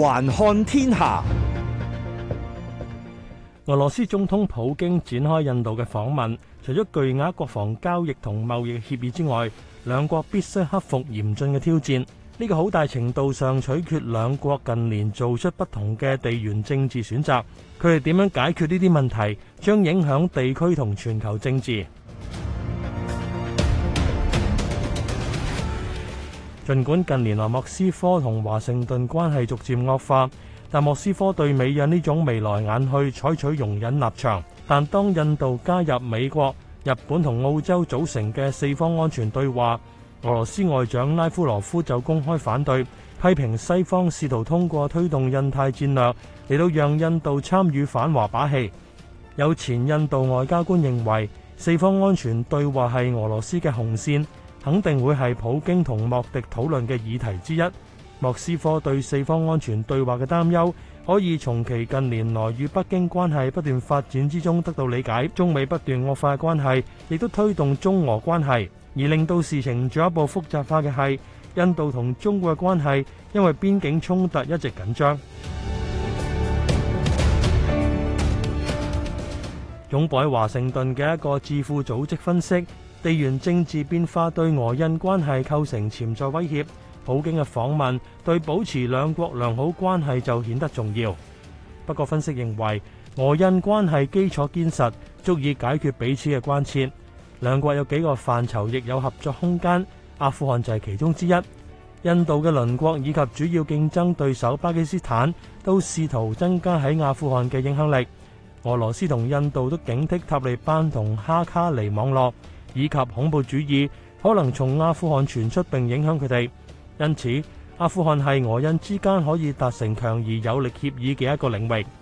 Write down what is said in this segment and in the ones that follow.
環看天下，俄羅斯總統普京展開印度嘅訪問。除咗巨額國防交易同貿易協議之外，兩國必須克服嚴峻嘅挑戰。呢個好大程度上取決兩國近年做出不同嘅地緣政治選擇。佢哋點樣解決呢啲問題，將影響地區同全球政治。儘管近年來莫斯科同華盛頓關係逐漸惡化，但莫斯科對美印呢種眉來眼去採取容忍立場。但當印度加入美國、日本同澳洲組成嘅四方安全對話，俄羅斯外長拉夫羅夫就公開反對，批評西方試圖通過推動印太戰略嚟到讓印度參與反華把戲。有前印度外交官認為，四方安全對話係俄羅斯嘅紅線。肯定會係普京同莫迪討論嘅議題之一。莫斯科對四方安全對話嘅擔憂，可以從其近年來與北京關係不斷發展之中得到理解。中美不斷惡化嘅關係，亦都推動中俄關係，而令到事情進一步複雜化嘅係印度同中國嘅關係，因為邊境衝突一直緊張。 總部喺華盛頓嘅一個智庫組織分析。地緣政治變化對俄印關係構成潛在威脅，普京嘅訪問對保持兩國良好關係就顯得重要。不過，分析認為俄印關係基礎堅實，足以解決彼此嘅關切。兩國有幾個範疇亦有合作空間，阿富汗就係其中之一。印度嘅鄰國以及主要競爭對手巴基斯坦都試圖增加喺阿富汗嘅影響力。俄羅斯同印度都警惕塔利班同哈卡尼網絡。以及恐怖主義可能從阿富汗傳出，並影響佢哋。因此，阿富汗係俄印之間可以達成強而有力協議嘅一個領域。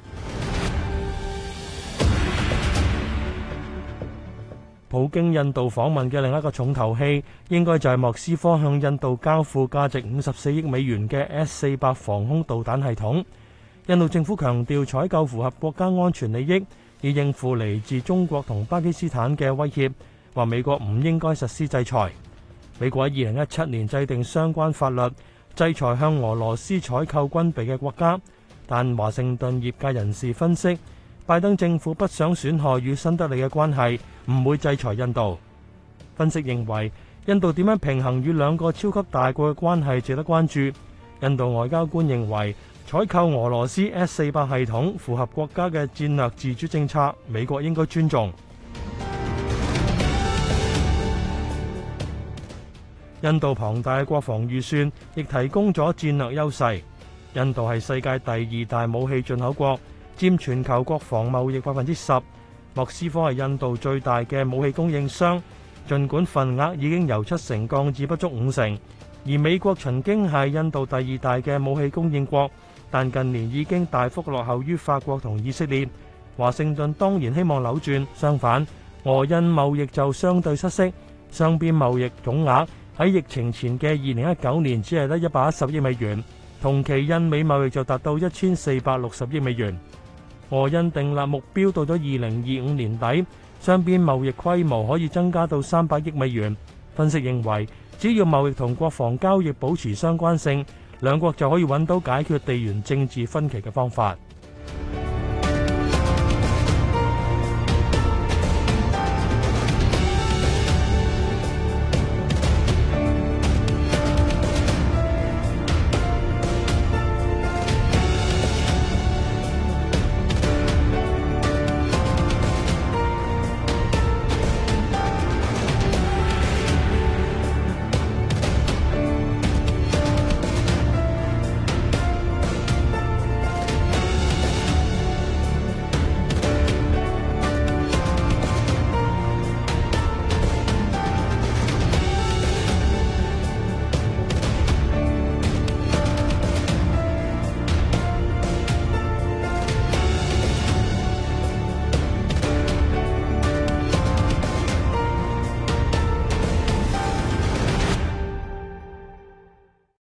普京印度訪問嘅另一個重頭戲，應該就係莫斯科向印度交付價值五十四億美元嘅 S 四百防空導彈系統。印度政府強調採購符合國家安全利益，以應付嚟自中國同巴基斯坦嘅威脅。話美國唔應該實施制裁。美國喺二零一七年制定相關法律，制裁向俄羅斯採購軍備嘅國家。但華盛頓業界人士分析，拜登政府不想損害與新德里嘅關係，唔會制裁印度。分析認為，印度點樣平衡與兩個超級大國嘅關係值得關注。印度外交官認為，採購俄羅斯 S-400 系統符合國家嘅戰略自主政策，美國應該尊重。印度龐大嘅國防預算亦提供咗戰略優勢。印度係世界第二大武器進口國，佔全球國防貿易百分之十。莫斯科係印度最大嘅武器供應商，儘管份額已經由七成降至不足五成。而美國曾經係印度第二大嘅武器供應國，但近年已經大幅落後於法國同以色列。華盛頓當然希望扭轉，相反俄印貿易就相對失色，雙邊貿易總額，喺疫情前嘅二零一九年，只係得一百一十億美元，同期印美貿易就達到一千四百六十億美元。俄印訂立目標，到咗二零二五年底，雙邊貿易規模可以增加到三百億美元。分析認為，只要貿易同國防交易保持相關性，兩國就可以揾到解決地緣政治分歧嘅方法。